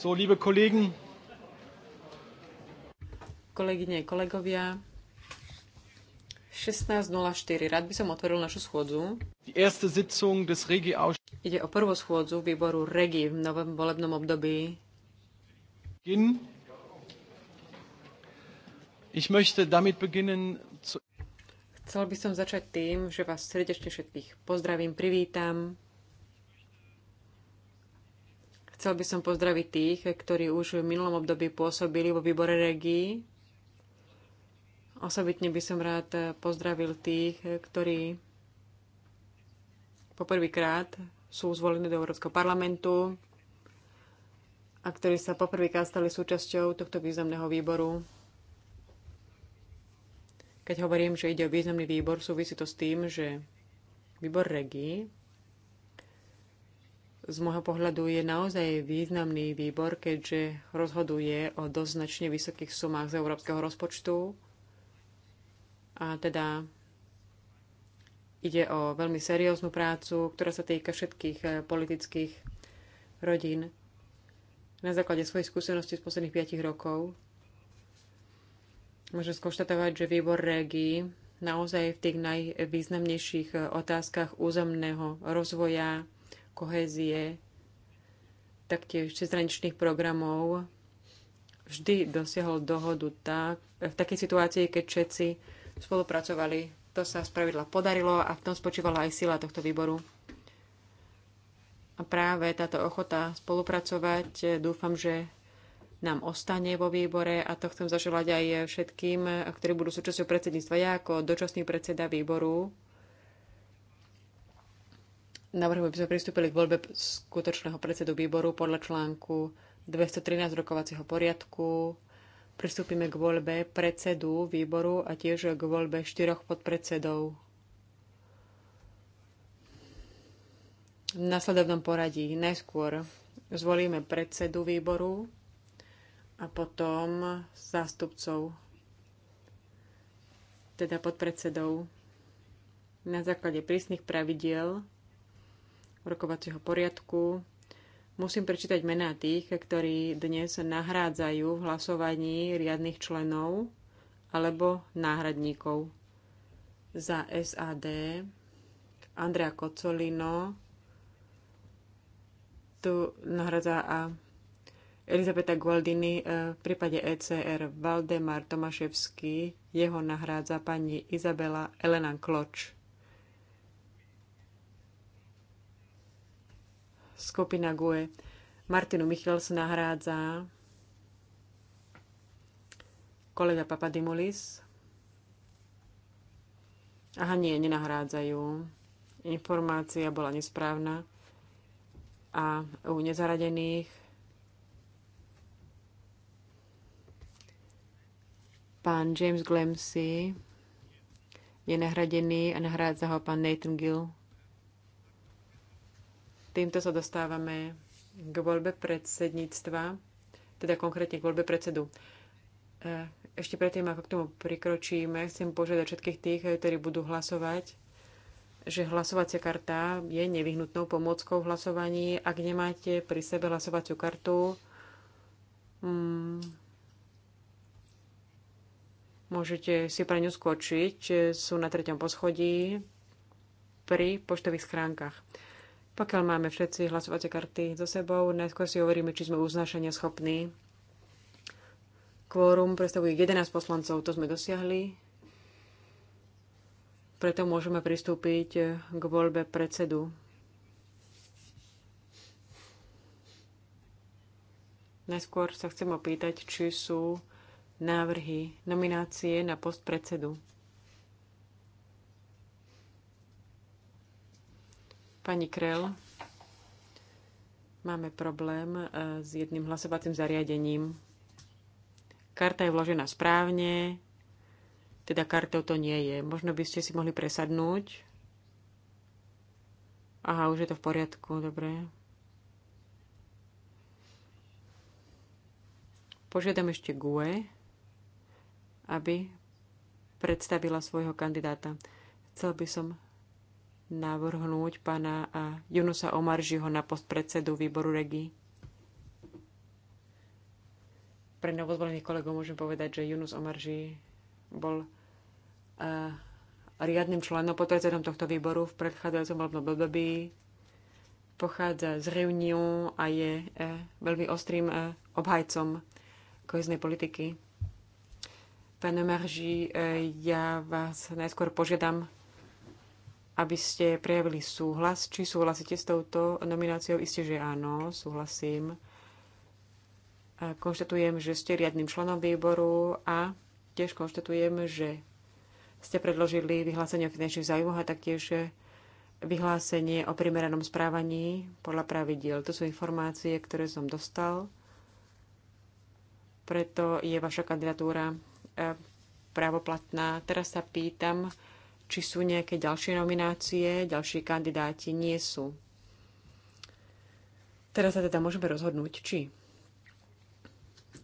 So, liebe Kollegen. Kolegyne, kolegovia. 16.04. Rád by som otvoril našu schôdzu. Die erste Sitzung des Regi Ide o prvú schôdzu výboru Regi v novom volebnom období. Beginn. Ich möchte damit beginnen zu... Chcel by som začať tým, že vás srdečne všetkých pozdravím, privítam. Chcel by som pozdraviť tých, ktorí už v minulom období pôsobili vo výbore regií. Osobitne by som rád pozdravil tých, ktorí poprvýkrát sú zvolení do Európskeho parlamentu a ktorí sa poprvýkrát stali súčasťou tohto významného výboru. Keď hovorím, že ide o významný výbor, súvisí to s tým, že výbor regii z môjho pohľadu je naozaj významný výbor, keďže rozhoduje o značne vysokých sumách z európskeho rozpočtu. A teda ide o veľmi serióznu prácu, ktorá sa týka všetkých eh, politických rodín. Na základe svojich skúseností z posledných 5 rokov môžem skonštatovať, že výbor régii naozaj v tých najvýznamnejších eh, otázkach územného rozvoja, kohézie, taktiež cezhraničných programov vždy dosiahol dohodu tak, v takej situácii, keď všetci spolupracovali. To sa spravidla podarilo a v tom spočívala aj sila tohto výboru. A práve táto ochota spolupracovať eh, dúfam, že nám ostane vo výbore a to chcem zaželať aj všetkým, eh, ktorí budú súčasťou predsedníctva. Ja ako dočasný predseda výboru Navrhujem, aby sme pristúpili k voľbe skutočného predsedu výboru podľa článku 213 rokovacieho poriadku. Pristúpime k voľbe predsedu výboru a tiež k voľbe štyroch podpredsedov. V nasledovnom poradí najskôr zvolíme predsedu výboru a potom zástupcov, teda podpredsedov. Na základe prísnych pravidiel rokovacieho poriadku. Musím prečítať mená tých, ktorí dnes nahrádzajú v hlasovaní riadnych členov alebo náhradníkov. Za SAD Andrea Kocolino tu nahradza a Elizabeta Gualdini e, v prípade ECR Valdemar Tomaševský, jeho nahrádza pani Izabela Elena Kloč. skupina GUE. Martinu Michels nahrádza kolega Papadimulis. Aha, nie, nenahrádzajú. Informácia bola nesprávna. A u nezaradených pán James Glemsey je nahradený a nahrádza ho pán Nathan Gill. Týmto sa dostávame k voľbe predsedníctva, teda konkrétne k voľbe predsedu. E, ešte predtým, ako k tomu prikročíme, chcem požiadať všetkých tých, ktorí budú hlasovať, že hlasovacia karta je nevyhnutnou pomôckou v hlasovaní. Ak nemáte pri sebe hlasovaciu kartu, mm, môžete si pre ňu skočiť. Sú na treťom poschodí pri poštových schránkach. Pokiaľ máme všetci hlasovacie karty so sebou, najskôr si hovoríme, či sme uznášania schopní. Kvórum predstavuje 11 poslancov, to sme dosiahli. Preto môžeme pristúpiť k voľbe predsedu. Najskôr sa chcem opýtať, či sú návrhy, nominácie na post predsedu. Pani Krel, máme problém eh, s jedným hlasovacím zariadením. Karta je vložená správne, teda kartou to nie je. Možno by ste si mohli presadnúť. Aha, už je to v poriadku, dobre. Požiadam ešte GUE, aby predstavila svojho kandidáta. Chcel by som navrhnúť pána Junusa Omaržiho na post predsedu výboru REGI. Pre novozvolených kolegov môžem povedať, že Junus Omarži bol uh, riadnym členom, podpredsedom tohto výboru v predchádzajúcom volebnom období. Pochádza z Reuniu a je uh, veľmi ostrým uh, obhajcom koheznej politiky. Pán Omarži, uh, ja vás najskôr požiadam aby ste prejavili súhlas. Či súhlasíte s touto nomináciou? Isté, že áno, súhlasím. Konštatujem, že ste riadnym členom výboru a tiež konštatujem, že ste predložili vyhlásenie o finančných zájmoch a taktiež vyhlásenie o primeranom správaní podľa pravidiel. To sú informácie, ktoré som dostal. Preto je vaša kandidatúra eh, právoplatná. Teraz sa pýtam, či sú nejaké ďalšie nominácie, ďalší kandidáti nie sú. Teraz sa teda môžeme rozhodnúť, či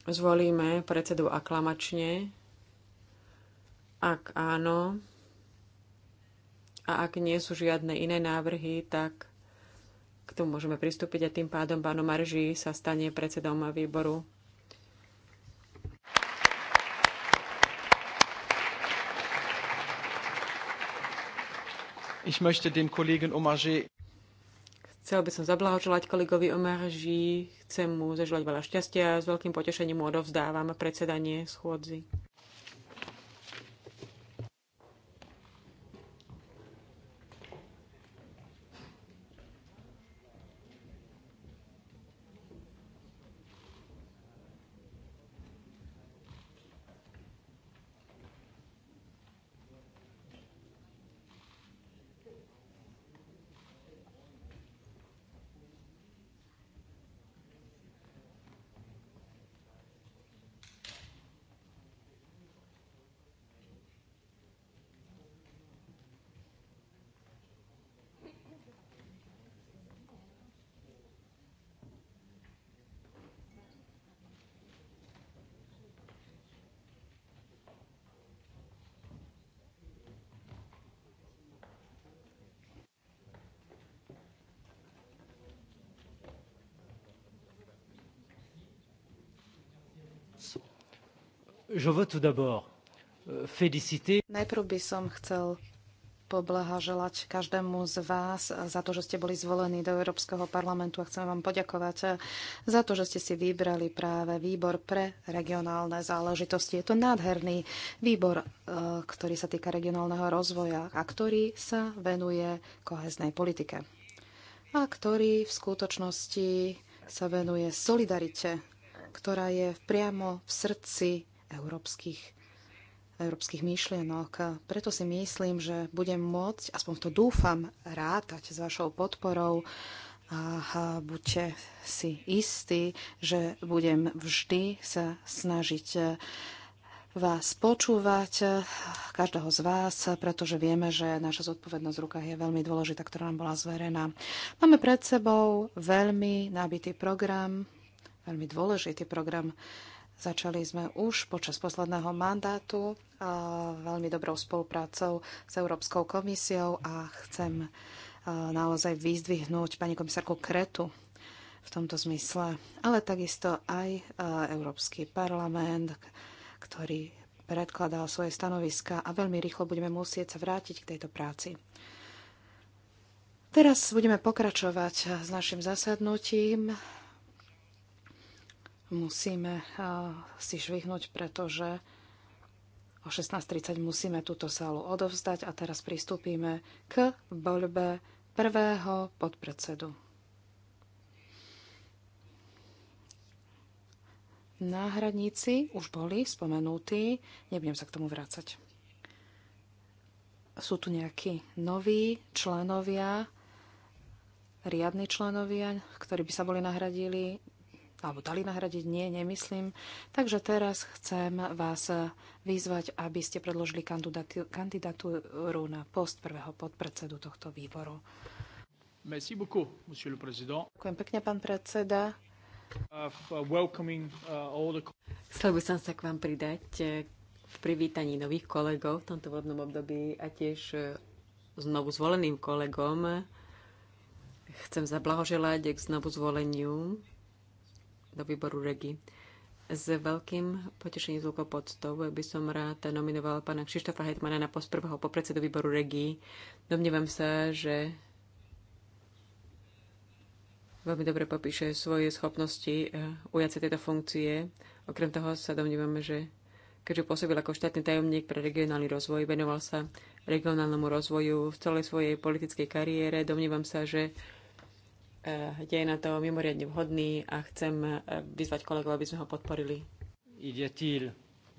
zvolíme predsedu aklamačne, ak áno, a ak nie sú žiadne iné návrhy, tak k tomu môžeme pristúpiť a tým pádom pánu Marži sa stane predsedom výboru Ich möchte dem Kollegen Omarjee Chcel by som zablahoželať kolegovi Omarži, chcem mu zaželať veľa šťastia, s veľkým potešením mu odovzdávam predsedanie schôdzi. Euh, Najprv by som chcel poblahoželať každému z vás za to, že ste boli zvolení do Európskeho parlamentu a chcem vám poďakovať eh, za to, že ste si vybrali práve výbor pre regionálne záležitosti. Je to nádherný výbor, eh, ktorý sa týka regionálneho rozvoja a ktorý sa venuje koheznej politike a ktorý v skutočnosti sa venuje solidarite ktorá je priamo v srdci európskych, európskych myšlienok. Preto si myslím, že budem môcť, aspoň to dúfam, rátať s vašou podporou a buďte si istí, že budem vždy sa snažiť vás počúvať, každého z vás, pretože vieme, že naša zodpovednosť v rukách je veľmi dôležitá, ktorá nám bola zverená. Máme pred sebou veľmi nabitý program, veľmi dôležitý program. Začali sme už počas posledného mandátu veľmi dobrou spoluprácou s Európskou komisiou a chcem naozaj vyzdvihnúť pani komisárku Kretu v tomto zmysle, ale takisto aj Európsky parlament, ktorý predkladal svoje stanoviska a veľmi rýchlo budeme musieť sa vrátiť k tejto práci. Teraz budeme pokračovať s našim zasadnutím musíme eh, si švihnúť, pretože o 16.30 musíme túto sálu odovzdať a teraz pristúpime k voľbe prvého podpredsedu. Náhradníci už boli spomenutí, nebudem sa k tomu vrácať. Sú tu nejakí noví členovia, riadni členovia, ktorí by sa boli nahradili alebo dali nahradiť? Nie, nemyslím. Takže teraz chcem vás vyzvať, aby ste predložili kandidatúru na post prvého podpredsedu tohto výboru. Merci beaucoup, monsieur le président. Ďakujem pekne, pán predseda. Uh, uh, Chcel by som sa k vám pridať eh, v privítaní nových kolegov v tomto vodnom období a tiež eh, znovu zvoleným kolegom. Chcem zablahoželať k znovu zvoleniu do výboru REGI. S veľkým potešením z poctou by som rád nominoval pána Krištofa Hetmana na post prvého popredsedu výboru REGI. Domnievam sa, že veľmi dobre popíše svoje schopnosti eh, ujať sa tejto funkcie. Okrem toho sa domnívame, že keďže pôsobil ako štátny tajomník pre regionálny rozvoj, venoval sa regionálnemu rozvoju v celej svojej politickej kariére. Domnívam sa, že Eh, je na to mimoriadne vhodný a chcem eh, vyzvať kolegov, aby sme ho podporili.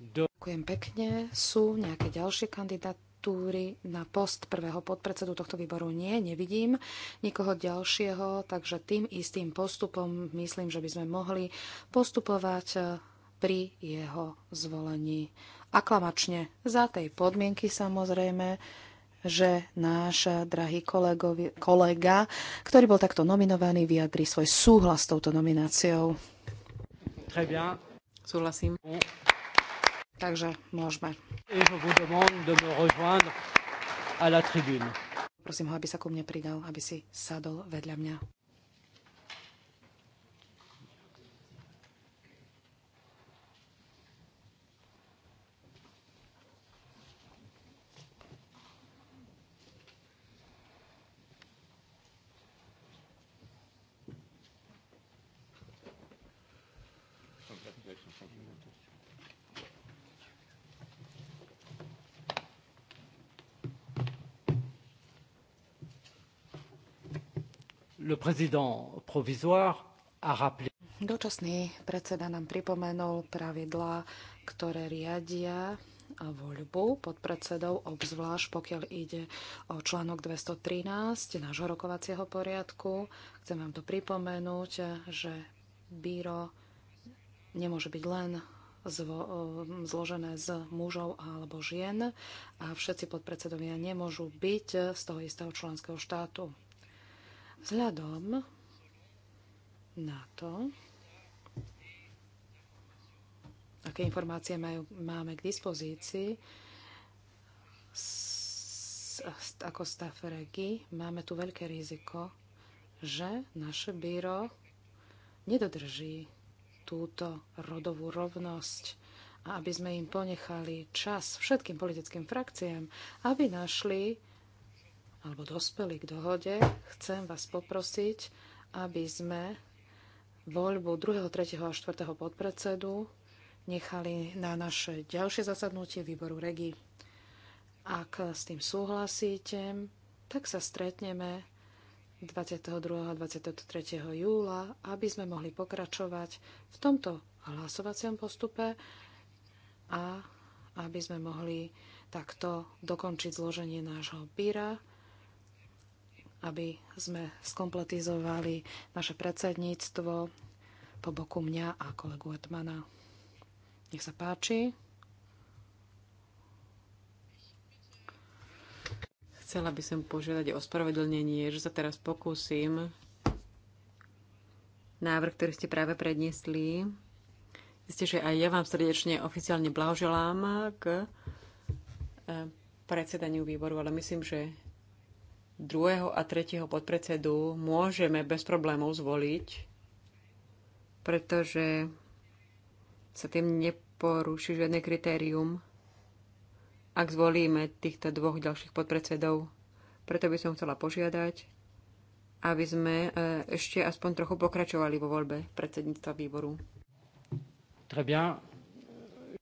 Ďakujem pekne. Sú nejaké ďalšie kandidatúry na post prvého podpredsedu tohto výboru? Nie, nevidím nikoho ďalšieho, takže tým istým postupom myslím, že by sme mohli postupovať eh, pri jeho zvolení aklamačne. Za tej podmienky samozrejme, že náš drahý kolegovi, kolega, ktorý bol takto nominovaný, vyjadri svoj súhlas s touto nomináciou. Súhlasím. Takže môžeme. Prosím ho, aby sa ku mne pridal, aby si sadol vedľa mňa. le président provisoire a rappelé... Dočasný predseda nám pripomenul pravidlá, ktoré riadia voľbu pod predsedou, obzvlášť pokiaľ ide o článok 213 nášho rokovacieho poriadku. Chcem vám to pripomenúť, že bíro nemôže byť len zvo, zložené z mužov alebo žien a všetci podpredsedovia nemôžu byť z toho istého členského štátu. Vzhľadom na to, aké informácie majú, máme k dispozícii, s, ako stav regi, máme tu veľké riziko, že naše byro nedodrží túto rodovú rovnosť a aby sme im ponechali čas všetkým politickým frakciám, aby našli alebo dospeli k dohode, chcem vás poprosiť, aby sme voľbu 2., 3. a 4. podpredsedu nechali na naše ďalšie zasadnutie výboru REGI. Ak s tým súhlasíte, tak sa stretneme 22. a 23. júla, aby sme mohli pokračovať v tomto hlasovacom postupe a aby sme mohli takto dokončiť zloženie nášho byra aby sme skompletizovali naše predsedníctvo po boku mňa a kolegu Etmana. Nech sa páči. Chcela by som požiadať o spravedlnenie, že sa teraz pokúsim návrh, ktorý ste práve predniesli. Isté, že aj ja vám srdečne oficiálne blahoželám k eh, predsedaniu výboru, ale myslím, že druhého a tretieho podpredsedu môžeme bez problémov zvoliť, pretože sa tým neporuší žiadne kritérium, ak zvolíme týchto dvoch ďalších podpredsedov. Preto by som chcela požiadať, aby sme e, ešte aspoň trochu pokračovali vo voľbe predsedníctva výboru. Dobre,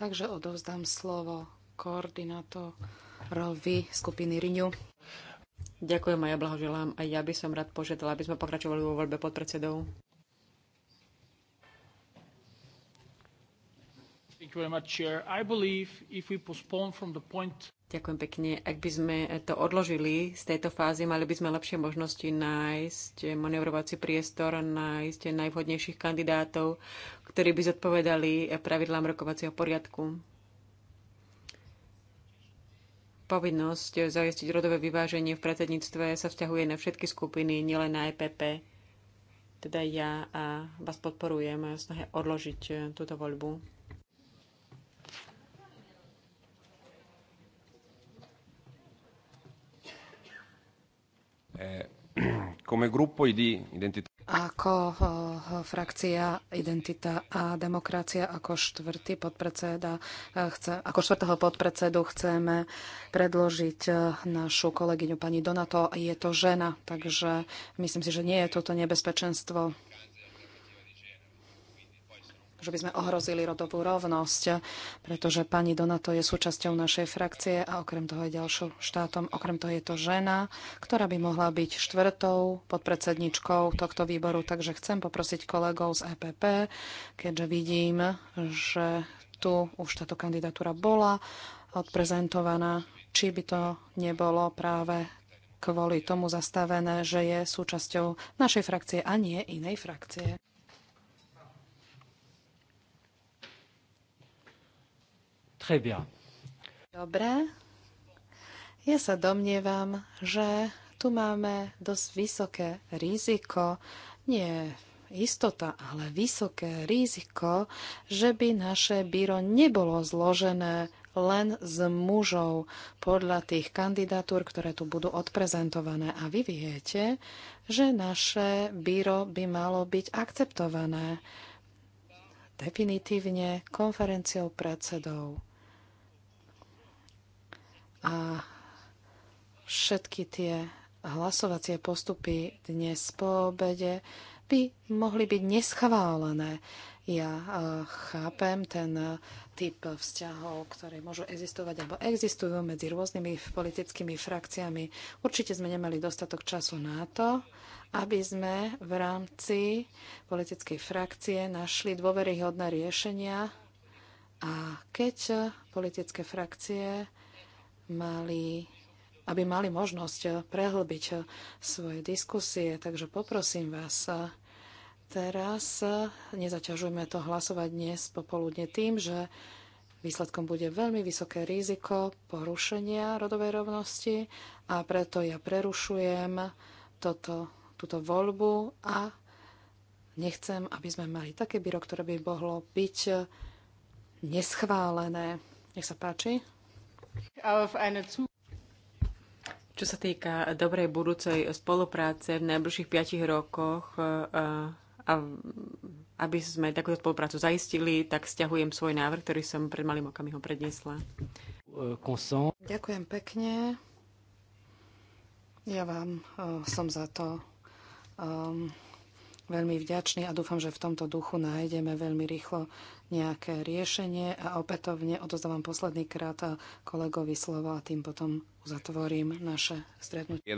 takže odovzdám slovo koordinátor rovi skupiny Riňu. Ďakujem a ja blahoželám. A ja by som rád požiadala, aby sme pokračovali vo voľbe podpredsedov. Ďakujem pekne. Ak by sme to odložili z tejto fázy, mali by sme lepšie možnosti nájsť manevrovací priestor, nájsť najvhodnejších kandidátov, ktorí by zodpovedali pravidlám rokovacieho poriadku. Povinnosť zajistiť rodové vyváženie v predsedníctve sa vzťahuje na všetky skupiny, nielen na EPP. Teda ja a vás podporujem snahe odložiť e, túto voľbu. Eh, come gruppo ID, identità ako eh, frakcia Identita a demokracia ako štvrtý podpredseda, eh, chce, ako štvrtého podpredsedu chceme predložiť eh, našu kolegyňu pani Donato. Je to žena, takže myslím si, že nie je toto nebezpečenstvo že by sme ohrozili rodovú rovnosť, pretože pani Donato je súčasťou našej frakcie a okrem toho je ďalšou štátom. Okrem toho je to žena, ktorá by mohla byť štvrtou podpredsedničkou tohto výboru. Takže chcem poprosiť kolegov z EPP, keďže vidím, že tu už táto kandidatúra bola odprezentovaná, či by to nebolo práve kvôli tomu zastavené, že je súčasťou našej frakcie a nie inej frakcie. Très bien. Dobre. Ja sa domnievam, že tu máme dosť vysoké riziko, nie istota, ale vysoké riziko, že by naše byro nebolo zložené len z mužov podľa tých kandidatúr, ktoré tu budú odprezentované. A vy viete, že naše byro by malo byť akceptované definitívne konferenciou predsedov. A všetky tie hlasovacie postupy dnes po obede by mohli byť neschválené. Ja e, chápem ten e, typ vzťahov, ktoré môžu existovať alebo existujú medzi rôznymi politickými frakciami. Určite sme nemali dostatok času na to, aby sme v rámci politickej frakcie našli dôveryhodné riešenia. A keď politické frakcie mali aby mali možnosť prehlbiť svoje diskusie. Takže poprosím vás, teraz nezaťažujme to hlasovať dnes popoludne tým, že výsledkom bude veľmi vysoké riziko porušenia rodovej rovnosti a preto ja prerušujem toto, túto voľbu a nechcem, aby sme mali také byro, ktoré by mohlo byť neschválené. Nech sa páči. Čo sa týka dobrej budúcej spolupráce v najbližších 5 rokoch, e, a aby sme takúto spoluprácu zaistili, tak stiahujem svoj návrh, ktorý som pred malým okamihom predniesla. Ďakujem pekne. Ja vám e, som za to um, veľmi vďačný a dúfam, že v tomto duchu nájdeme veľmi rýchlo nejaké riešenie a opätovne odozdávam posledný krát kolegovi slovo a tým potom uzatvorím naše stretnutie.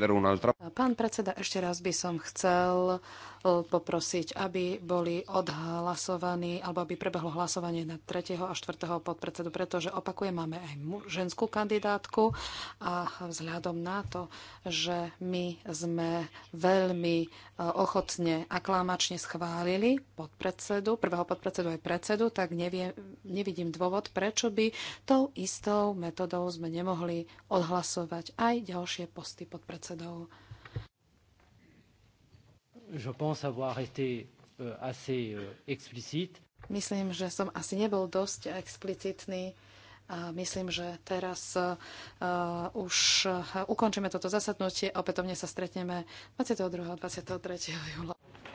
Pán predseda, ešte raz by som chcel e, poprosiť, aby boli odhlasovaní, alebo aby prebehlo hlasovanie na 3. a 4. podpredsedu, pretože opakujem, máme aj ženskú kandidátku a vzhľadom na to, že my sme veľmi e, ochotne aklamačne schválili podpredsedu, prvého podpredsedu aj predsedu, tak tak nevie, nevidím dôvod, prečo by tou istou metodou sme nemohli odhlasovať aj ďalšie posty pod predsedou. Je pense avoir été euh, assez euh, explicite. Myslím, že som asi nebol dosť explicitný. A myslím, že teraz uh, už uh, ukončíme toto zasadnutie. Opätovne sa stretneme 22. a 23. júla.